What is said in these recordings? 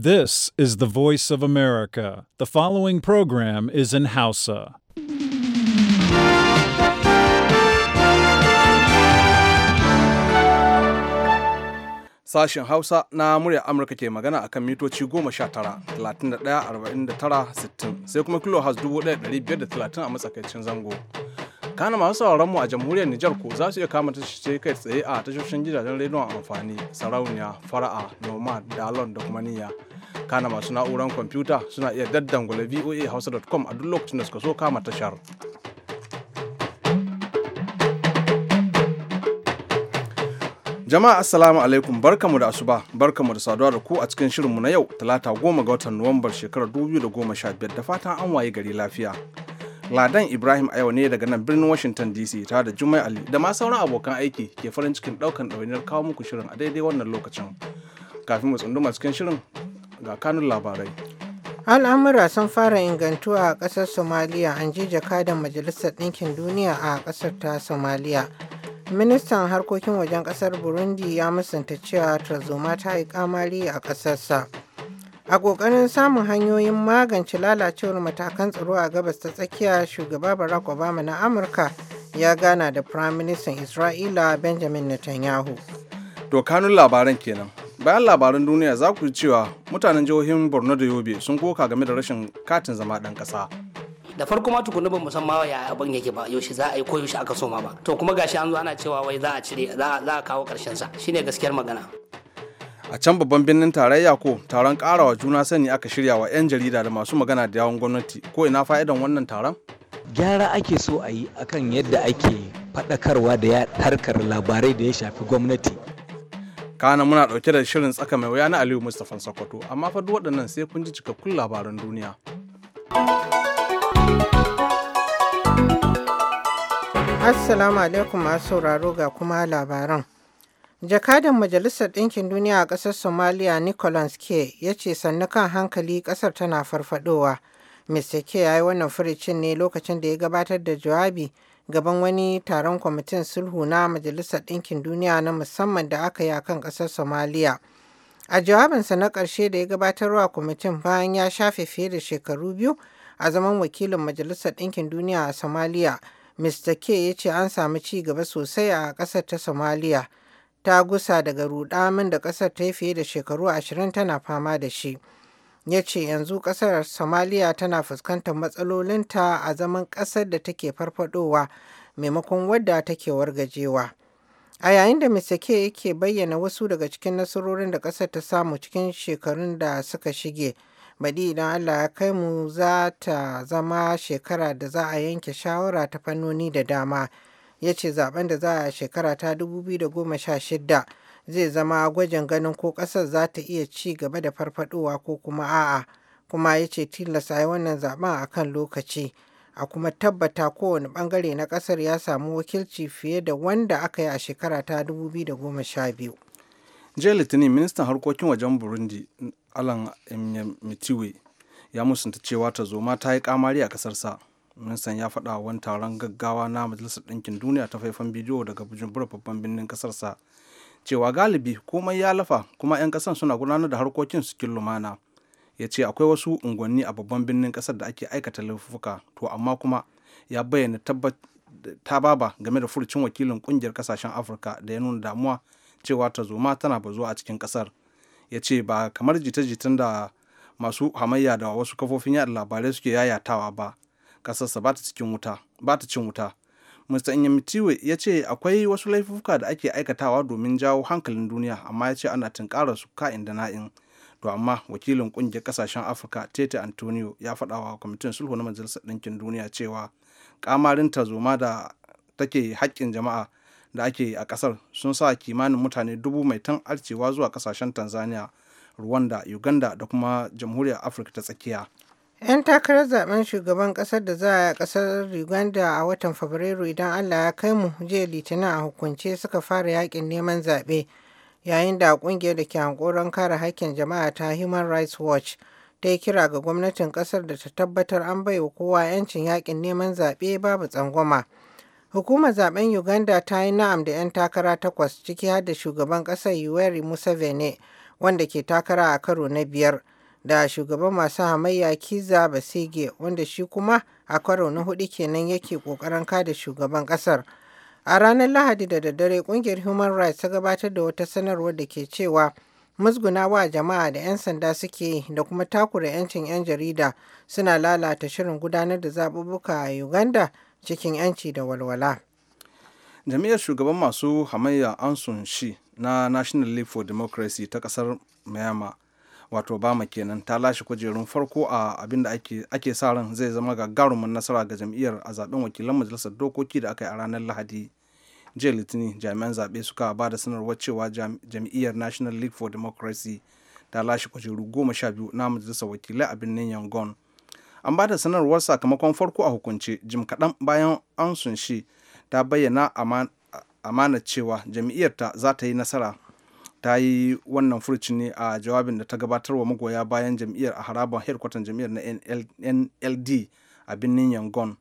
This is the voice of America. The following program is in Hausa. Sashen Hausa na murya Amurka ke magana a kan mitoci 19, 31, tara 60 sai kuma da 1530 a matsakaicin zango. kana masu sauraron mu a jamhuriyar Nijar ko za su iya kama ce kai tsaye a tashoshin gidajen rediyon amfani sarauniya fara'a nomad dalon da kuma niyya kana masu na'uran kwamfuta suna iya daddangula voa hausa.com a duk lokacin da suka so kama tashar jama'a assalamu alaikum barkamu da asuba barkamu da saduwa da ku a cikin shirinmu na yau talata goma ga watan nuwambar shekarar 2015 da fatan an waye gari lafiya Ladan Ibrahim a ne daga nan birnin Washington DC ta da jumai Ali da ma sauran abokan aiki ke farin cikin daukan ɗawainiyar kawo muku shirin a daidai wannan lokacin. Kafin mu tsunduma cikin shirin ga kanun labarai. Al'amura sun fara ingantuwa a ƙasar somalia an ji jakadan Majalisar Ɗinkin Duniya a ƙasar ta somalia Ministan harkokin wajen ƙasar Burundi ya musanta cewa tarzoma ta yi kamari a ƙasarsa. A ƙoƙarin samun hanyoyin magance lalacewar matakan tsaro a gabas ta tsakiya, shugaba Barack Obama na Amurka ya gana da Firaministan Isra'ila Benjamin Netanyahu. dokanun labaran kenan. Bayan labaran duniya za ku cewa mutanen jihohin Borno da Yobe sun koka game da rashin katin zama ɗan ƙasa. da farko ma tukunna ban musamman ya abin yake ba yaushe za a yi ko yaushe aka soma ba to kuma gashi an zo ana cewa wai za a cire za a kawo karshen sa shine gaskiyar magana a can babban birnin tarayya ko taron karawa juna sani aka shirya wa 'yan jarida da masu magana da yawon gwamnati ko ina fa'idan wannan taron gyara ake so a yi akan yadda ake faɗakarwa da ya tarkar labarai da ya shafi gwamnati kana muna ɗauke da shirin tsaka mai wuya na aliyu mustapha sokoto amma fa duk waɗannan sai kun ji cikakkun labaran duniya assalamu alaikum masu sauraro ga kuma labaran Jakadan Majalisar Ɗinkin Duniya a ƙasar Somalia Nicholas K ya ce sannu kan hankali ƙasar tana farfadowa. Mr. K ya yi wannan furicin ne lokacin da ya gabatar da jawabi gaban wani taron kwamitin sulhu na Majalisar Ɗinkin Duniya na musamman da aka yi a kan ƙasar Somalia. A jawabinsa na ƙarshe da ya gabatarwa kwamitin bayan ya shafe fiye da shekaru biyu a zaman wakilin Majalisar Ɗinkin Duniya a Somalia, Mr. K ya ce an samu ci gaba sosai a ƙasar ta Somalia. ta gusa daga rudamin da ƙasar ta yi fiye da shekaru ashirin tana fama da shi. Ya ce yanzu ƙasar Somaliya tana fuskantar matsalolinta a zaman ƙasar da take farfadowa maimakon wadda take wargajewa. A yayin da Mr. K yake bayyana wasu daga cikin nasarorin da ƙasar ta samu cikin shekarun da suka shige, baɗi idan Allah ya kai mu za ta zama shekara da za a yanke shawara ta fannoni da dama. ya ce zaben da za a shekara ta 2016 zai zama gwajin ganin ko ƙasar za ta iya ci gaba da farfadowa ko kuma a'a kuma ya ce tilasta yi wannan zaben a kan lokaci a kuma tabbata kowane bangare na ƙasar ya samu wakilci fiye da wanda aka yi a shekara ta 2012 jiya litinin ministan harkokin wajen burundi alan mitiwe ya musanta cewa ta zo ta yi kamari a ƙasarsa ministan ya faɗa wani taron gaggawa na majalisar ɗinkin duniya ta faifan bidiyo daga bujumbura babban birnin ƙasarsa cewa galibi komai ya lafa kuma 'yan ƙasar suna gudanar da harkokin su lumana ya ce akwai wasu unguwanni a babban birnin ƙasar da ake aikata laifuka to amma kuma ya bayyana tababa game da furucin wakilin ƙungiyar ƙasashen afirka da ya nuna damuwa cewa tarzoma tana bazuwa a cikin ƙasar ya ce ba kamar jita-jitan da masu hamayya da wasu kafofin yada labarai suke yayatawa ba kasarsa ba ta cikin wuta ba ta cin wuta mr inyamitiwe ya ce akwai wasu laifuka da ake aikatawa domin jawo hankalin duniya amma ya ce ana tunkarar su ka'in da na'in to amma wakilin kungiyar kasashen afirka tete antonio ya faɗa wa kwamitin sulhu na majalisar ɗinkin duniya cewa kamarin tarzoma da take haƙƙin jama'a da ake a ƙasar sun sa kimanin mutane dubu mai tan arcewa zuwa ƙasashen tanzania rwanda uganda da kuma jamhuriyar afirka ta tsakiya 'Yan takarar zaben shugaban kasar da za a yi kasar Uganda a watan Fabrairu idan Allah ya kai mu jiya Litinin a hukunce suka fara yakin neman zaɓe yayin da kungiyar da ke hankoron kare haƙƙin jama'a ta Human Rights Watch ta yi kira ga gwamnatin kasar da ta tabbatar an bai wa kowa 'yancin yakin neman zaɓe babu tsangwama. Hukumar zaben Uganda ta yi na'am da 'yan takara takwas ciki har da shugaban kasar Yoweri Museveni wanda ke takara a karo na biyar. da shugaban masu hamayya Kiza Basige wanda shi kuma a karo na hudu kenan yake kokarin kada shugaban kasar. A ranar Lahadi da daddare kungiyar Human Rights ta gabatar da wata sanarwar da ke cewa musgunawa jama'a da 'yan sanda suke da kuma takura 'yancin 'yan jarida suna lalata shirin gudanar da zaɓuɓɓuka a Uganda cikin 'yanci da walwala. Jami'ar shugaban masu hamayya Ansun Shi na National League for Democracy ta ƙasar Myanmar wato bama kenan ta lashe kujerun farko a abin da ake sa ran zai zama gagarumin nasara ga jam'iyyar a zaben wakilan majalisar dokoki da aka yi a ranar lahadi jiya litinin jami'an zaɓe suka ba da sanarwar cewa jam'iyyar national league for democracy ta lashe kujeru goma sha biyu na majalisar wakilai a birnin yangon an ba da sanarwar sakamakon farko a hukunce jim kaɗan bayan an sunshi ta bayyana amana cewa jam'iyyarta za ta yi nasara ta yi wannan furucin ne a jawabin da ta gabatar wa magoya bayan jam'iyyar a harabar headquarter jam'iyyar na nld a birnin yangon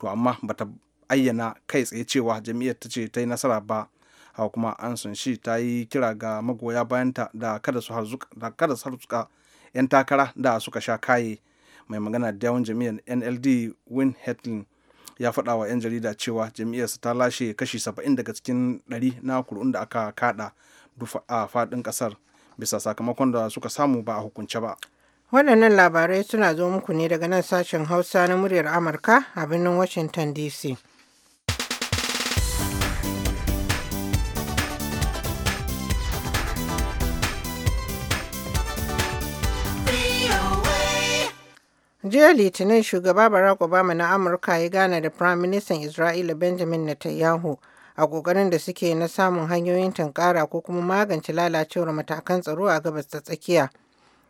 to amma bata ayyana kai tsaye cewa jam'iyyar ta ce ta yi nasara ba hawa kuma an sun shi ta yi kira ga magoya bayanta da kada su harzuka 'yan takara da suka sha kaye mai magana da yawan jam'iyyar nld win hetlin ya faɗa wa 'yan jarida cewa jam'iyyarsa ta lashe kashi 70 daga cikin 100 na kur'un da aka kada a faɗin ƙasar bisa sakamakon da suka samu ba a hukunce ba. Waɗannan labarai suna zo muku ne daga nan sashen Hausa na muryar Amurka a birnin Washington DC. jiya litinin shugaba barack obama na amurka ya gana da prime minister isra'ila benjamin netanyahu a ƙoƙarin da suke na samun hanyoyin tunkara ko kuma magance lalacewar matakan tsaro a gabas ta tsakiya.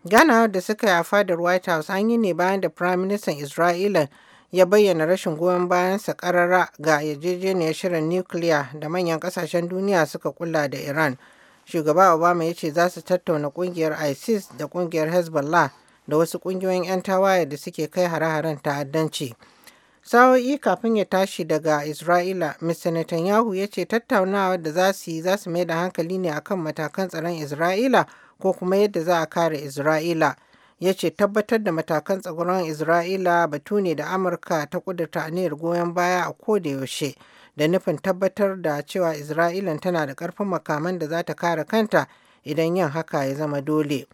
ghana da suka yi a fadar White House an yi ne bayan da Prime Minister Isra'ila ya bayyana rashin goyon bayan sa karara ga yarjejeniyar shirin nukiliya da manyan kasashen duniya suka kula da Iran. Shugaba Obama ya ce za su tattauna kungiyar ISIS da kungiyar Hezbollah da wasu kungiyoyin 'yan tawaye da suke kai hare-haren ta'addanci. Sa'o'i kafin ya tashi daga Isra'ila, Mr. Netanyahu ya ce tattaunawa da za su yi za su mai da hankali ne akan matakan tsaron Isra'ila ko kuma yadda za a kare Isra'ila. Ya ce tabbatar da matakan tsaron Isra'ila batu ne da Amurka ta kudurta aniyar goyon baya a ko da yaushe da nufin tabbatar da cewa Isra'ilan tana da karfin makaman da za ta kare kanta idan yin haka ya zama dole.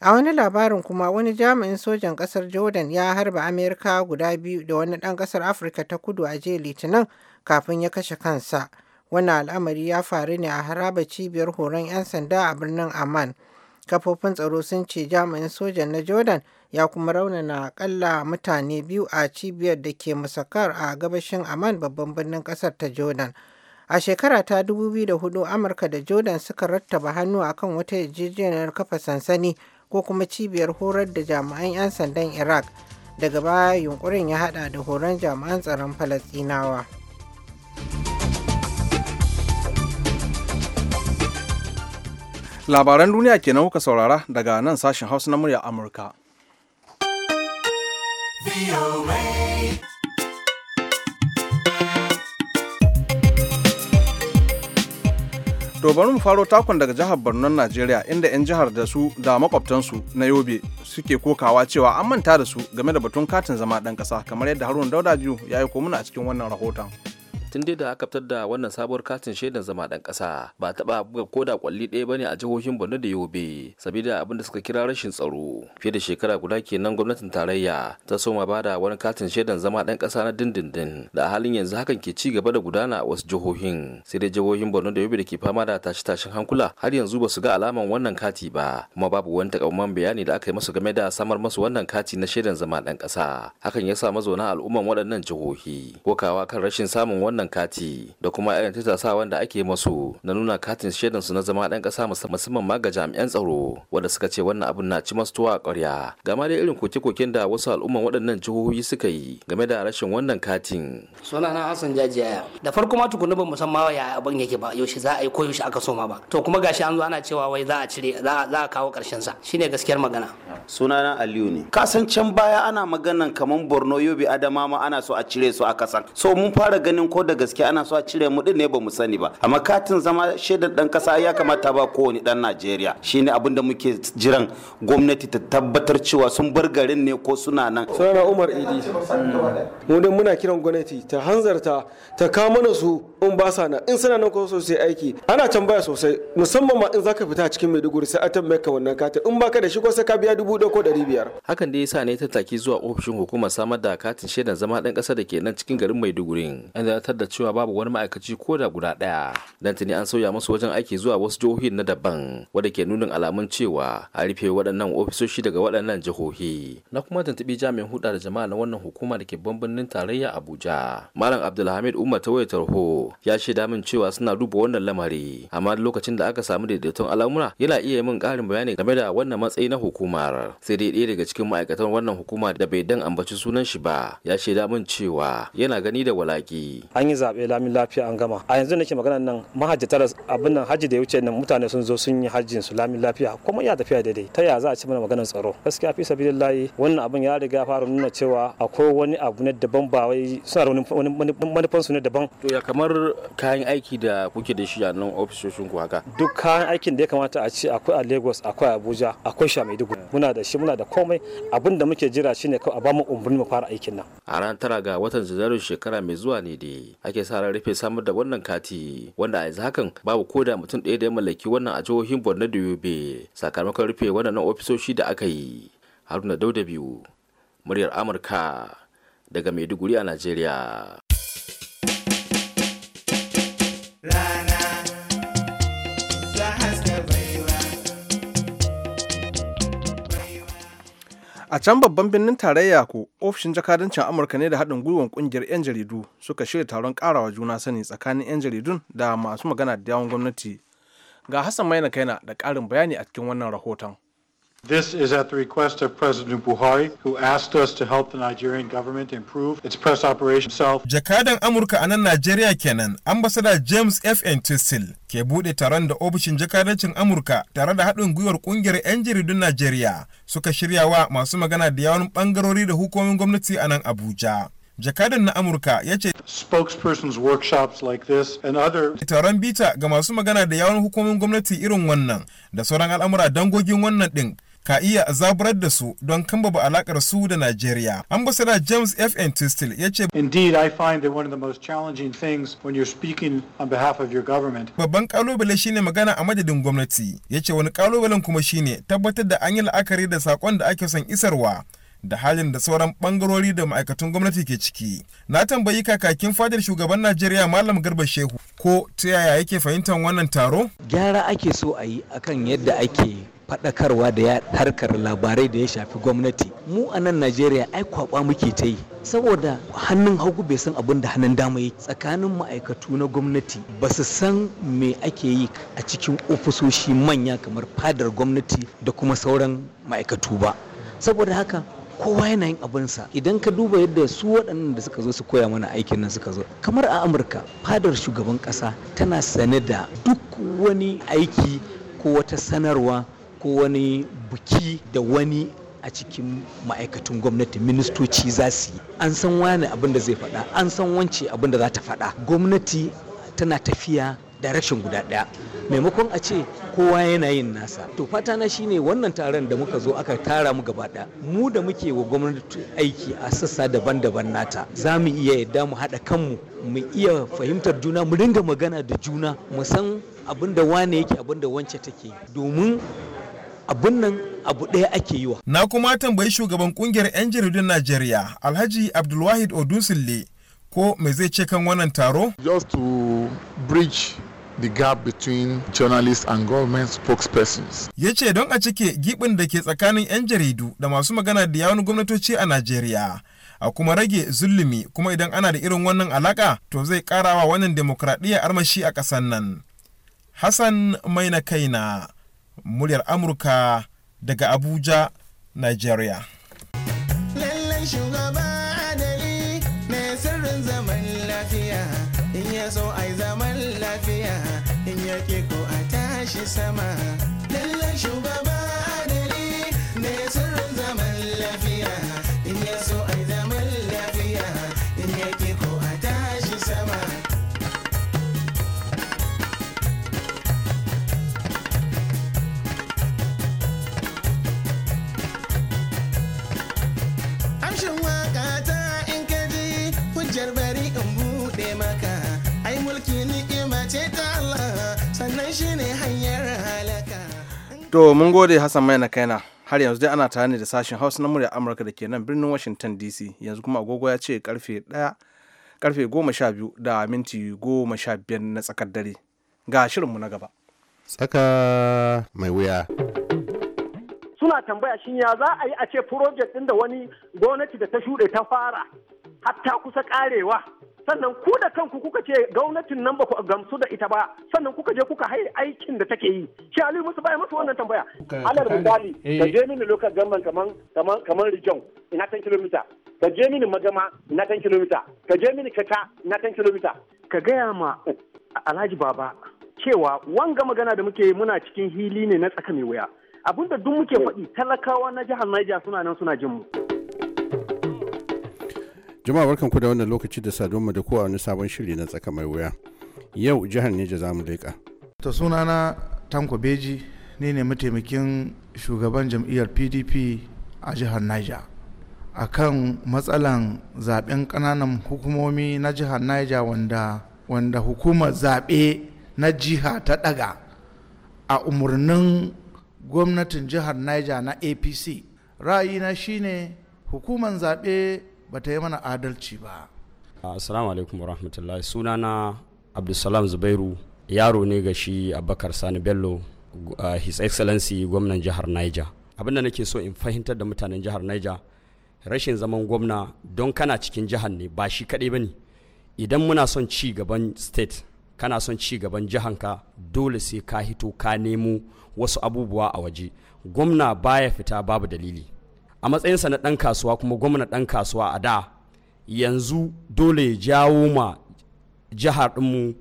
A wani labarin kuma wani jami'in sojan ƙasar Jordan ya harba Amerika guda biyu da wani ɗan ƙasar Afirka ta kudu a jiya Litinin kafin ya kashe kansa. Wannan al'amari ya faru ne a haraba cibiyar horon 'yan sanda a birnin Amman. Kafofin tsaro sun ce jami'in sojan na Jordan ya kuma raunana akalla mutane biyu a cibiyar da ke musakar a gabashin Amman babban birnin ƙasar ta Jordan. A shekara ta 2004 Amurka da Jordan suka rattaba hannu akan wata yarjejeniyar kafa sansani ko kuma cibiyar horar da jami'an 'yan sandan iraq daga baya yunkurin ya hada da horon jami'an tsaron falasdinawa labaran duniya kenan kuka saurara daga nan sashen hausa na murya amurka To mu faro takon daga jihar Borno Najeriya inda 'yan jihar da su da makwabtansu na Yobe suke kokawa cewa an manta da su game da batun katin zama ɗan ƙasa kamar yadda Haruna Dauda ya yi komuna a cikin wannan rahoton. tun dai da aka fitar da wannan sabuwar katin shaidan zama dan kasa ba taba buga koda kwalli ɗaya bane a jihohin Borno da Yobe saboda abin da suka kira rashin tsaro fiye da shekara guda kenan gwamnatin tarayya ta soma bada wani katin shaidan zama dan kasa na dindindin da a halin yanzu hakan ke ci gaba da gudana a wasu jihohin sai dai jihohin Borno da Yobe da ke fama da tashi-tashin hankula har yanzu ba su ga alaman wannan kati ba kuma babu wani takamaiman bayani da aka yi masu game da samar masu wannan kati na shaidan zama dan kasa hakan ya sa mazauna al'umman waɗannan jihohi kokawa kan rashin samun wannan wannan kati da kuma irin tasa wanda ake masu na nuna katin shaidan su na zama dan kasa musamman ma ga jami'an tsaro wanda suka ce wannan abun na ci masu tuwa a ƙwarya ga ma irin koke-koken da wasu al'umman waɗannan jihohi suka yi game da rashin wannan katin. na hassan jajiya da farko ma tukuna ba musamman ya abin yake ba yaushe za a yi ko yaushe aka so ma ba to kuma gashi an zo ana cewa wai za a cire za a kawo ƙarshen sa shine gaskiyar magana. sunana aliyu ne Kasan can baya ana maganan kamar borno Yobi, adama ma ana so a cire su a kasan so mun fara ganin ko da da gaske ana so a cire mu din ne ba mu sani ba amma katin zama shaidar dan kasa ya kamata ba kowane dan Najeriya shine abin da muke jiran gwamnati ta tabbatar cewa sun bar garin ne ko suna nan sunana Umar Idi mu dai muna kiran gwamnati ta hanzarta ta kama mana su in ba sa nan in suna nan ko sosai aiki ana tambaya sosai musamman ma in zaka fita cikin Maiduguri sai a tambaye ka wannan katin in baka da shi ko sai ka biya dubu ko ɗari biyar hakan dai yasa ne ta taki zuwa ofishin hukumar samar da katin shaidar zama dan kasa da ke nan cikin garin Maiduguri inda ta tabbatar da cewa babu wani ma'aikaci ko da guda ɗaya dan tuni an sauya musu wajen aiki zuwa wasu jihohi na daban wanda ke nunin alamun cewa a rufe waɗannan ofisoshi daga waɗannan jihohi na kuma tuntuɓi jami'in huɗa da jama'a na wannan hukuma da ke bambanin tarayya Abuja Malam Abdulhamid Umar ta wayar tarho ya shaida min cewa suna duba wannan lamari amma lokacin da aka samu daidaiton al'amura yana iya min ƙarin bayani game da wannan matsayi na hukumar sai dai ɗaya daga cikin ma'aikatan wannan hukuma da bai dan ambaci sunan shi ba ya shaida min cewa yana gani da walaki an yi zaɓe lamin lafiya an gama a yanzu nake magana nan mahajjatar abin nan hajji da ya wuce nan mutane sun zo sun yi hajjin su lamin lafiya kuma iya tafiya daidai ta ya za a ci mana maganar tsaro gaskiya fi sabilillahi wannan abin ya riga fara nuna cewa akwai wani abu ne daban ba wai suna da wani manufan su ne daban to ya kamar kayan aiki da kuke da shi a nan ofisoshin ku haka duk kayan aikin da ya kamata a ci akwai a Lagos akwai Abuja akwai Sha Maiduguri muna da shi muna da komai abin da muke jira shine kawai a bamu umarni mu fara aikin nan a ran tara ga watan Zazzaro shekara mai zuwa ne dai ake sa ran rufe samar da wannan kati wanda a yanzu hakan babu ko da mutum ɗaya da ya mallaki wannan a jihohin borno da yobe sakamakon rufe wannan ofisoshi da aka yi haruna dauda biyu muryar amurka daga maiduguri a najeriya A can babban birnin tarayya ko ofishin jakadancin Amurka ne da haɗin gwiwar ƙungiyar 'yan jaridu suka shirya taron ƙarawa juna sani tsakanin 'yan jaridun da masu magana da yawon gwamnati. Ga Hassan Maina Kaina da ƙarin bayani a cikin wannan rahoton. This is at the request of President Buhari, who asked us to help the Nigerian government improve its press operation itself. Jakadan Amurka a nan Najeriya kenan, ambasada James F. N. tissil ke buɗe taron da ofishin jakadancin Amurka tare da haɗin gwiwar ƙungiyar 'yan jaridun Najeriya suka shirya wa masu magana da yawan ɓangarori da hukumomin gwamnati anan Abuja. jakadan na amurka ya ce spokespersons workshops like this and other taron bita ga masu magana da yawon hukumomin gwamnati irin wannan da sauran al'amura dangogin wannan ɗin. ka iya zaburar da su don kambaba alakar su da Najeriya. Ambassador James F. N. Tistel ya ce, Indeed, I find that one of the most challenging things when you're speaking on behalf of your government. Babban kalubale shine magana a madadin gwamnati. Ya ce wani kalubalen kuma shine tabbatar da an yi la'akari da sakon da ake son isarwa. da halin da sauran bangarori da ma'aikatan gwamnati ke ciki. Na tambayi kakakin fadar shugaban Najeriya Malam Garba Shehu ko ta yaya yake fahimtar wannan taro? Gyara ake so a yi akan yadda ake faɗakarwa da ya harkar labarai da ya shafi gwamnati mu a nan najeriya ai kwaba muke ta yi saboda hannun hagu bai san abin da hannun dama yake tsakanin ma'aikatu na gwamnati ba su san me ake yi a cikin ofisoshi manya kamar fadar gwamnati da kuma sauran ma'aikatu ba saboda haka kowa yana yin sa. idan ka duba yadda su waɗannan da suka zo su koya mana aikin nan suka zo kamar a amurka fadar shugaban ƙasa tana sane da duk wani aiki ko wata sanarwa ko wani buki da wani a cikin ma'aikatan gwamnati ministoci za su yi an san wani abin da zai faɗa an san wance abin da za ta faɗa gwamnati tana tafiya da rashin guda ɗaya maimakon a ce kowa yana yin nasa to fata na shine wannan taron da muka zo aka tara mu gaba mu da muke wa gwamnati aiki a sassa daban-daban nata za mu iya yadda mu haɗa kanmu mu iya fahimtar juna mu ringa magana da juna mu san abin da wane yake abin da wance take domin abun nan abu ɗaya ake yi wa. Na kuma tambayi shugaban kungiyar 'yan jaridun Najeriya Alhaji Abdulwahid Odunsille ko me zai ce kan wannan taro? Just to bridge the gap between journalists and government spokespersons. Ya ce don a cike gibin da ke tsakanin 'yan jaridu da masu magana da yawon gwamnatoci a Najeriya. A kuma rage zulumi kuma idan ana da irin wannan alaka to zai karawa wannan demokradiyya armashi a kasan nan. Hassan Maina Kaina muryar amurka daga abuja nigeria Lallai shugaba adali mai sirrin zaman lafiya in ya so ai zaman lafiya in ya ko a tashi sama Lallai shugaba to mun gode hassan mai na kaina har yanzu dai ana tare da sashen hausa na murya amurka da ke nan birnin washington dc yanzu kuma agogo ya ce karfe ɗaya karfe goma sha biyu da minti goma sha biyar na tsakar dare ga shirinmu na gaba tsaka mai wuya suna tambaya shin ya za a yi a ce project ɗin da wani gwamnati da ta shuɗe ta fara hatta kusa karewa sannan ku da kanku kuka ce gwamnatin nan ba ku gamsu da ita ba sannan kuka je kuka haye aikin da take yi shi ali musu baya musu wannan tambaya alal misali da eh, eh. je mini local government kaman kaman kaman region ina 10 kilomita ka je mini magama ina 10 kilomita ka je mini kaka ina 10 kilomita ka gaya ma alhaji baba cewa wanga magana da muke muna cikin hili ne na tsaka mai wuya abinda duk muke faɗi talakawa na jihar Niger suna nan suna jin mu. Jama'a barkan ku da wannan lokaci da saduwa da kowa wani sabon shiri na tsaka mai wuya. Yau jihar Niger zamu mu leƙa. To sunana Tanko Beji ne ne mataimakin shugaban jam'iyyar PDP a jihar Niger. akan matsalan zaben kananan hukumomi na jihar Niger wanda wanda hukumar zaɓe na jiha ta ɗaga a umarnin gwamnatin jihar niger na apc ra'ayina shine hukumar zaɓe ba ta yi mana adalci ba assalamu alaikum warahmatullahi sunana abdulsalam zubairu yaro ne ga shi abubakar sani bello his excellency gwamnan jihar niger abinda nake so in fahimtar da mutanen jihar niger rashin zaman gwamna don kana cikin jihar ne ba shi kaɗai ba ne idan muna son ci gaban state kana son ci gaban jihanka dole sai ka hito ka nemo wasu abubuwa a waje gwamna baya fita babu dalili a matsayinsa na ɗan kasuwa kuma gwamna ɗan kasuwa a da yanzu dole ya jawo ma jihar ɗinmu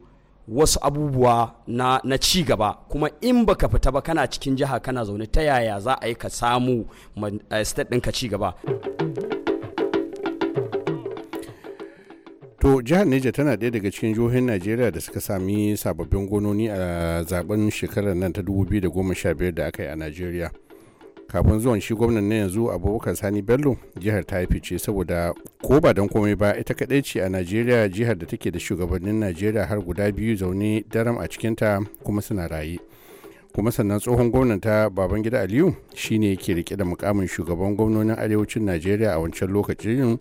wasu abubuwa na, na ci gaba kuma in baka fita ba kana cikin jiha kana zaune ta yaya za a yi ka samu eh, state ɗinka ci gaba to jihar neja tana daya daga cikin jihohin najeriya da suka sami sababbin gononi a zaben shekarar nan ta 2015 da aka yi a najeriya kafin zuwan shi gwamnan na yanzu abubakar sani bello jihar ta yi fice saboda ko ba don komai ba ita kaɗai ce a najeriya jihar da take da shugabannin najeriya har guda biyu zaune daram a cikinta kuma suna raye kuma sannan tsohon gwamnan ta babangida aliyu shine yake rike da mukamin shugaban gwamnonin arewacin najeriya a wancan lokacin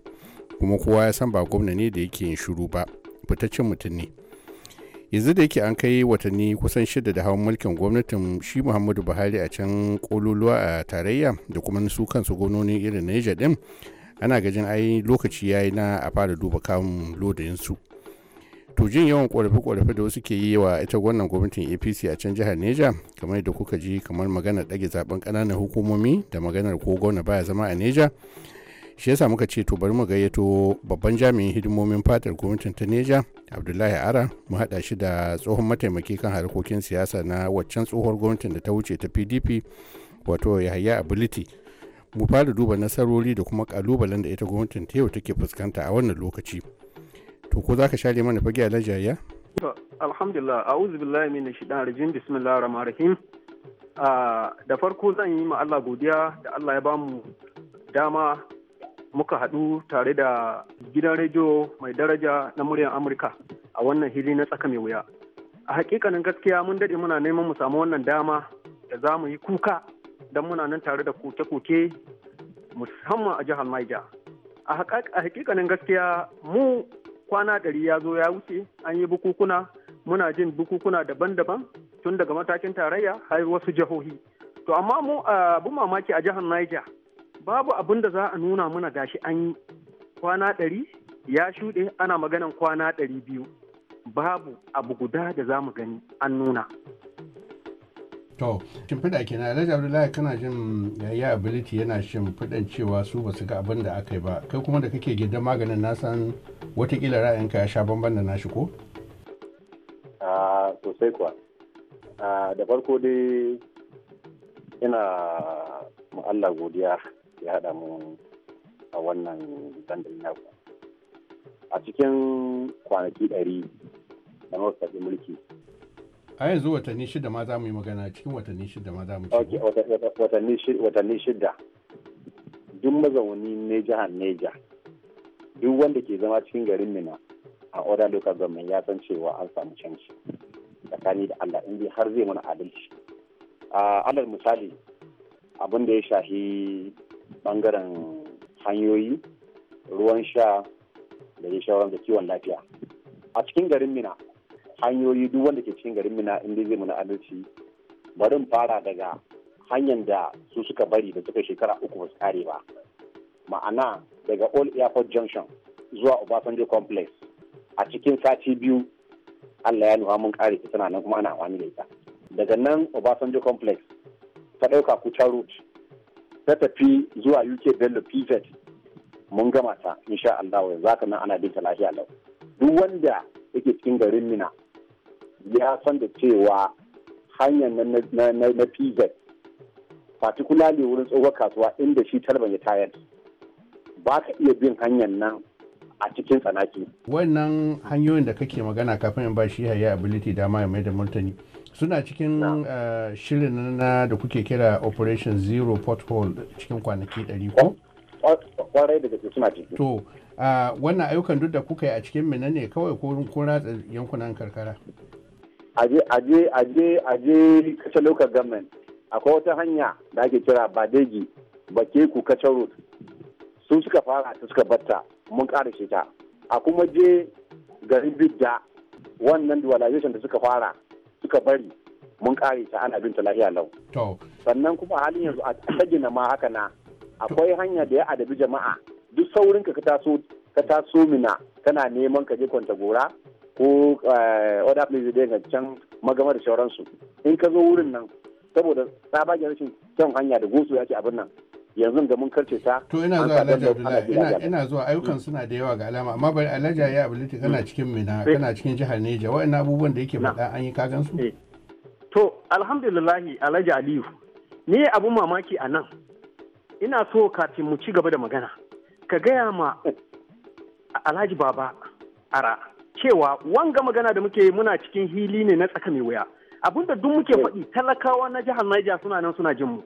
kuma kowa ya san ba gwamna ne da yake yin shiru ba fitaccen mutum ne yanzu da yake an kai watanni kusan shida da hawan mulkin gwamnatin shi muhammadu buhari a can kololuwa a tarayya da kuma su kansu gwamnonin irin niger din ana gajin ai lokaci yayi na a fara duba kamun lodayinsu to jin yawan korafi korafi da wasu ke yi wa ita wannan gwamnatin apc a can jihar neja kamar da kuka ji kamar maganar dage zaben kananan hukumomi da maganar ko gwamna baya zama a neja shi yasa muka ce to bari mu gayyato babban jami'in hidimomin fatar gwamnatin ta neja abdullahi ara mu haɗa shi da tsohon mataimaki kan harkokin siyasa na waccan tsohuwar gwamnatin da ta wuce ta pdp wato yahaya ability mu fara duba nasarori da kuma kalubalen da ita gwamnatin ta yau take fuskanta a wannan lokaci to ko za ka share mana fage alhaji yahaya alhamdulillah a'udhu billahi minash shaitanir rajim bismillahir rahmanir rahim ah, da farko zan yi ma Allah godiya da Allah ya bamu dama muka haɗu tare da gidan rediyo mai daraja na muryar Amurka a wannan hili na tsaka mai wuya. A hakikanin gaskiya mun daɗe muna neman mu samu wannan dama da za mu yi kuka don muna nan tare da koke-koke musamman a jihar maija A hakikanin gaskiya mu kwana ɗari ya zo ya wuce an yi bukukuna muna jin bukukuna daban-daban tun daga matakin tarayya har wasu jihohi. To amma mu ah, abu mamaki a jihar Niger babu abin da za a nuna mana gashi an yi kwana ɗari ya shuɗe ana maganan kwana ɗari biyu babu abu guda da za mu gani an nuna to shimfiɗa na alhaji abdullahi kana jin yayi ability yana shimfiɗan cewa su ba su ga abin da aka yi ba kai kuma da kake gida maganin na san watakila ra'ayinka ya sha bamban da nashi ko sosai kuwa da farko dai ina Allah godiya ke haɗa mu a wannan dandalin naku a cikin kwanaki ɗari na mawasa mulki a yanzu watanni shida ma za mu yi magana cikin watanni shida ma za mu ci watanni shida duk mazauni ne jihar neja duk wanda ke zama cikin garin mina a order local government ya san cewa an samu canji tsakani da allah in har zai mana adalci alal misali abin da ya shahi bangaren hanyoyi ruwan sha da ya shawar da kiwon lafiya a cikin garin mina hanyoyi duk wanda ke cikin garin mina inda zai muna adalci bari fara daga hanyar da su suka bari da suka shekara uku ba su kare ba ma'ana daga old airport junction zuwa obasanjo complex a cikin sati biyu allah ya nuna mun kare ta tana nan kuma ana amfani da ita daga nan obasanjo complex ta ɗauka kucin route ta tafi zuwa UK Bello Pivot mun gama ta insha Allah yanzu haka nan ana binta lafiya lau duk wanda yake cikin garin Mina ya san da cewa hanyar na na na particularly wurin tsohuwar kasuwa inda shi talban ya tayar ba ka iya bin hanyar nan a cikin tsanaki wannan hanyoyin da kake magana kafin in ba shi haya ability dama ya mai da martani suna cikin eh, shirin na da kuke kira operation zero pothole cikin kwanaki 100 ko? kwarai da gaske suna ciki. to wannan ayyukan duk da kuka yi a cikin mina ne kawai ko kun ratsa yankunan karkara aje aje aje aje kashe local government akwai wata hanya da ake kira badeji bakeku kashe road su suka fara ta suka batta mun kara shi ta a kuma je garin bidda wannan dualization da suka fara suka bari mun kare ta ana ta lafiya lau. Sannan kuma halin yanzu a tsagina ma haka na akwai hanya da ya adabi jama'a duk saurin ka taso ka taso mina kana neman ka je kwanta gora ko eh, oda place can magama da sauransu in ka zo wurin nan saboda tsabagen rashin kyan hanya da gosu ya ce abin nan yanzu da mun karce ta to ina zuwa alhaji abdullahi ina zuwa ayyukan mm. suna da yawa ga alama amma bari alhaji ya abdullahi kana mm. cikin mina eh. kana cikin jihar Neja wa'annan abubuwan da yake faɗa an yi kagan su eh. to alhamdulillahi alhaji aliyu ni abun mamaki a nan ina so kafin mu ci gaba da magana ka gaya ma alhaji baba ara cewa wanga magana da muke muna cikin hili ne na tsaka mai wuya abinda duk muke eh. faɗi talakawa na jihar Niger suna nan suna jin mu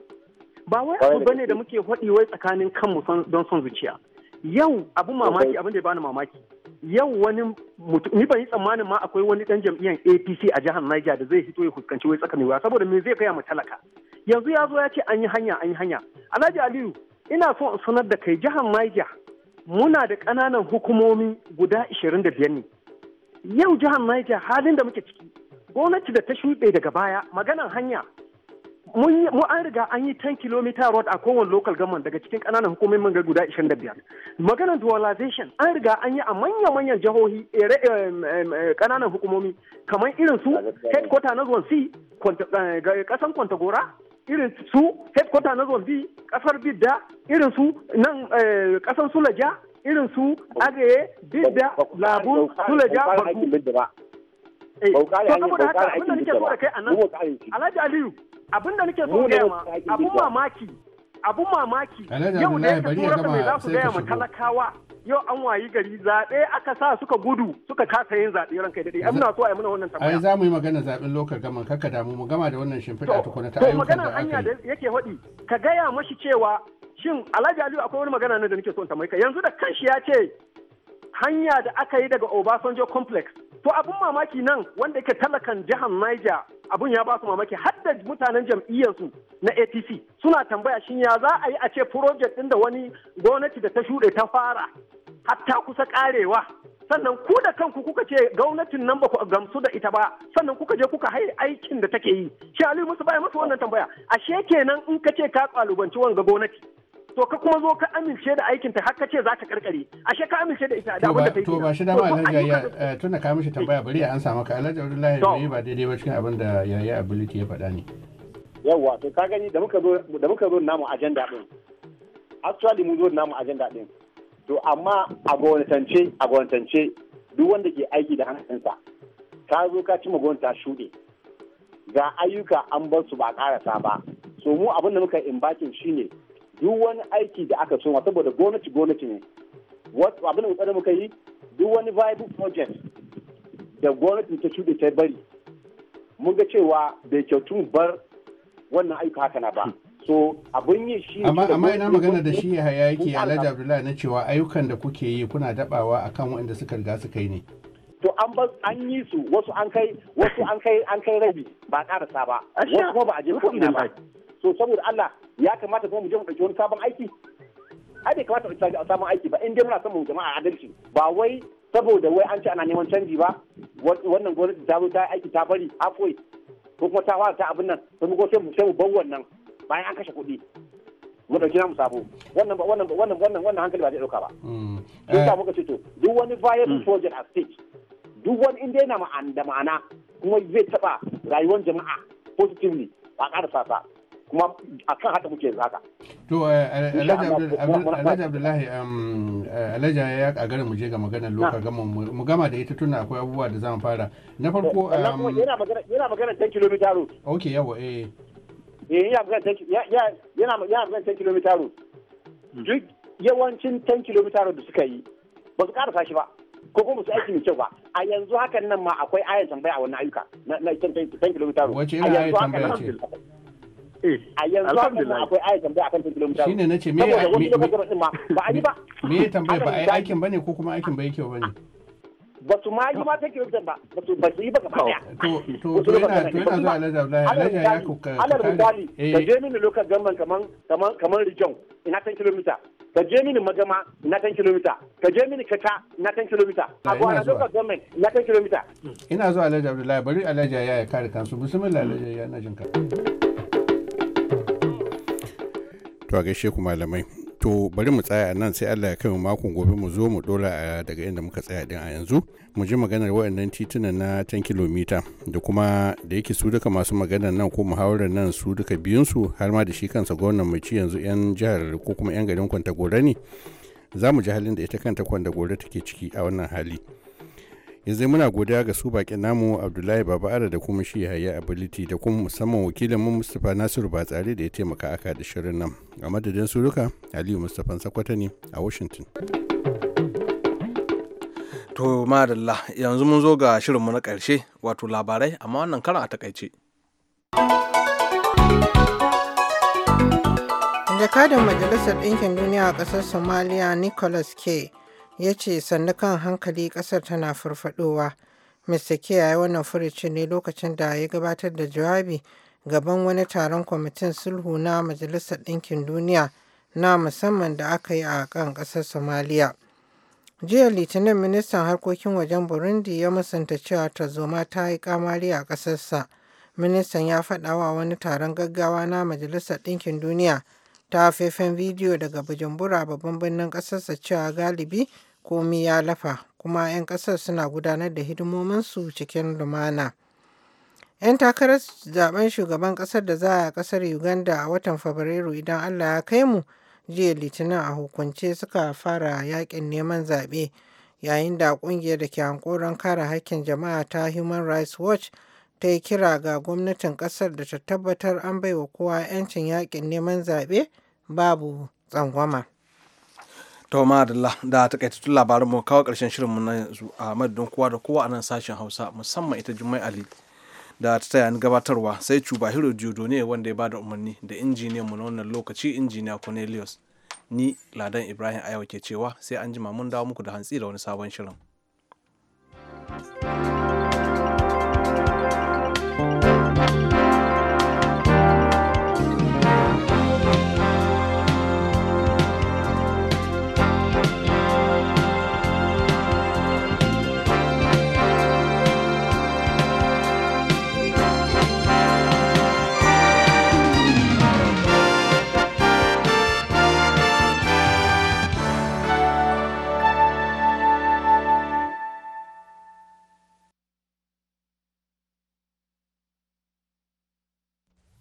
ba wai abu bane da muke faɗi wai tsakanin kanmu don son zuciya yau abu mamaki abin da ya bani mamaki yau wani mutum ni ban yi tsammanin ma akwai wani dan jam'iyyar APC a jihar Niger da zai fito ya fuskanci wai tsakanin wuya saboda me zai kai mu talaka yanzu ya zo ya ce an yi hanya an yi hanya Alhaji Aliyu ina so in sanar da kai jihar Niger muna da ƙananan hukumomi guda 25 ne yau jihar Niger halin da muke ciki gwamnati da ta shuɗe daga baya maganan hanya mu an riga an yi 10 km road a kowane local government daga cikin kananan hukumomin ga guda 25 maganar dualization an riga an yi a manya-manyan jihohi kananan eh, eh, hukumomi kamar irin su headquarter na zone c kasan eh, kwantagora irin su headquarter na zone b kasar bidda irin su nan kasan sulaja irin su agaye bidda labun sulaja barku. Alhaji Aliyu, abin da nake so gaya ma abun mamaki abun mamaki yau ne ka tura ka mai za su gaya ma talakawa yau an wayi gari zaɓe aka sa suka gudu suka kasa yin zaɓe ran da daɗe Amina so a yi mana wannan tambaya ai za mu yi magana zaɓen lokal gaman kaka damu mu gama da wannan shimfiɗa tukuna ta ayyukan da aka yi magana hanya da yake faɗi ka gaya mashi cewa shin Alhaji Aliyu akwai wani magana ne da nake so in tambaye ka yanzu da kanshi ya ce hanya da aka yi daga Obasanjo complex. To abin mamaki nan wanda yake talakan jihar Niger abun ya ba su mamaki Hadda mutanen jam'iyyarsu na ATC suna tambaya shin ya za a yi a ce project ɗin da wani gwamnati da ta shuɗe ta fara hatta kusa karewa sannan ku da kanku kuka ce gwamnatin nan ba ku gamsu da ita ba sannan kuka je kuka haye aikin da take yi shi Ali Musu baya masa wannan tambaya ashe kenan in ka ce ka kalubanci wanga gwamnati to ka kuma zo ka amince da aikin ta haka ce za ka karkare ashe ka amince da ita da wanda ta yi to ba shi dama alhaji ya eh, tunda ka mishi tambaya bari an samu ka alhaji abdullahi bai ba daidai ba cikin abin da yayi ability ya faɗa ne yawa to ka gani da muka zo da muka zo namu agenda din actually mun zo namu agenda din to amma a gwamnatance a gwamnatance duk wanda ke aiki da hankalinsa ka zo ka ci magwanta shuɗe ga ayyuka an bar su ba ƙarasa ba so mu abin da muka in bakin shine duk wani aiki da aka soma saboda gwamnati gwamnati ne abin da kokarin muka yi duk wani viable project da gwamnati ta shuɗe ta bari mun ga cewa bai kyautu bar wannan aiki haka na ba so abin yi shi amma amma ina magana da shi ya yake alhaji abdullahi na cewa ayyukan da kuke yi kuna dabawa akan waɗanda suka riga suka yi ne to an ba an yi su wasu an kai wasu an kai an kai rabi ba karasa ba wasu kuma ba a je ko ina ba so saboda Allah ya kamata kuma mu je mu dauki wani sabon aiki ai bai kamata mu dauki sabon aiki ba in dai muna son mu jama'a adalci ba wai saboda wai an ce ana neman canji ba wannan gwamnati ta zo ta aiki ta bari akwai ko kuma ta fara ta abin nan sai mu go sai mu sai mu bar wannan bayan an kashe kuɗi mu dauki namu sabo wannan wannan wannan wannan hankali ba zai dauka ba. Duk mm. da eh. muka ce to duk wani viable mm. project a state duk wani inda yana da ma'ana kuma zai taba rayuwar jama'a positively a ƙara sasa kuma a kan haka muke zaka. To eh, eh, Alhaji Abdullahi um, eh, Alhaji ya yi kagara mu je ga maganar loka gama mu gama da ita tuna akwai abubuwa da zamu fara. Na farko um, yana magana 10 km road. Ok yawa eh. Yana magana 10 km road. Hmm. Duk yawancin 10 km road da suka yi ba su karasa shi ba. ko kuma su aiki mai kyau ba a yanzu hakan nan ma akwai ayan tambaya a wannan ayyuka na 10 km kilomita wace tambaya ce eh, a yanzu hakan nan akwai ayan tambaya akan kilomita ro shine nace me me ba a yi ba tambaya ba yi aikin bane ko kuma aikin ba yake bane ba su ma yi ma ta kirista ba ba su ba su yi ba gaba daya to to yana to yana zuwa alhaji abdullahi alhaji ya kuka alal misali eh. ka je mini lokal gamban kaman kaman kaman rijon ina kan kilomita ka je mini magama ina kan kilomita ka je mini kaka ina kan kilomita a gwana lokal gamban ina kan kilomita ina zuwa alhaji abdullahi bari alhaji ya kare kansu bismillah alhaji ya na jinka to a gaishe ku malamai to bari mu tsaya nan sai Allah ya kai mu makon gobe mu zo mu dora eh, daga inda muka tsaya din a yanzu mu ji maganar waɗannan titunan na 10 kilomita da kuma da yake su duka masu maganar nan ko muhawarar nan su duka biyun su har ma da shi kansa gwamnan mai ci yanzu yan jihar ko kuma yan garin kwanta ne za mu ji halin da ita kanta kwanta gore take ciki a wannan hali yanzu muna godiya ga su bakin namu abdullahi baba ara da kuma shi yaya ability da kuma musamman wakilin mu mustapha nasiru batsari da ya taimaka aka da shirin nan a madadin suruka aliyu mustapha sakwata ne a washington to madalla yanzu mun zo ga shirin mu na karshe wato labarai amma wannan karan a takaice jakadan majalisar ɗinkin duniya a ƙasar somalia nicholas k ya ce sannu kan hankali kasar tana farfadowa mr k ya yi wannan furucin ne lokacin da ya gabatar da jawabi gaban wani taron kwamitin sulhu na majalisar ɗinkin duniya na musamman da aka yi a kan ƙasar somaliya jiya litinin ministan harkokin wajen burundi ya musanta cewa tarzoma ta yi kamari a ƙasarsa ministan ya faɗawa wani taron gaggawa na majalisar ɗinkin duniya ta faifan bidiyo daga Bujumbura babban birnin ƙasarsa cewa galibi komi ya lafa kuma 'yan ƙasar suna gudanar da hidimominsu cikin lumana. 'Yan takarar zaben shugaban ƙasar da za a ƙasar Uganda a watan Fabrairu idan Allah ya kai mu jiya Litinin a hukunce suka fara yakin neman zaɓe yayin da ƙungiyar da ke hankoron kare haƙƙin jama'a ta Human Rights Watch ta yi kira ga gwamnatin kasar da ta tabbatar an baiwa kowa 'yancin yakin neman zaɓe babu tsangwama. To madalla da takaitattun labarin mu kawo shirin shirin na yanzu a madadin kowa da kowa a nan sashen Hausa musamman ita Jummai Ali da ta taya ni gabatarwa sai Cuba Hiro Jodo ne wanda ya ba da umarni da injiniyan mu na wannan lokaci injiniya Cornelius ni Ladan Ibrahim Ayawa ke cewa sai an jima mun dawo muku da hantsi da wani sabon shirin. thank you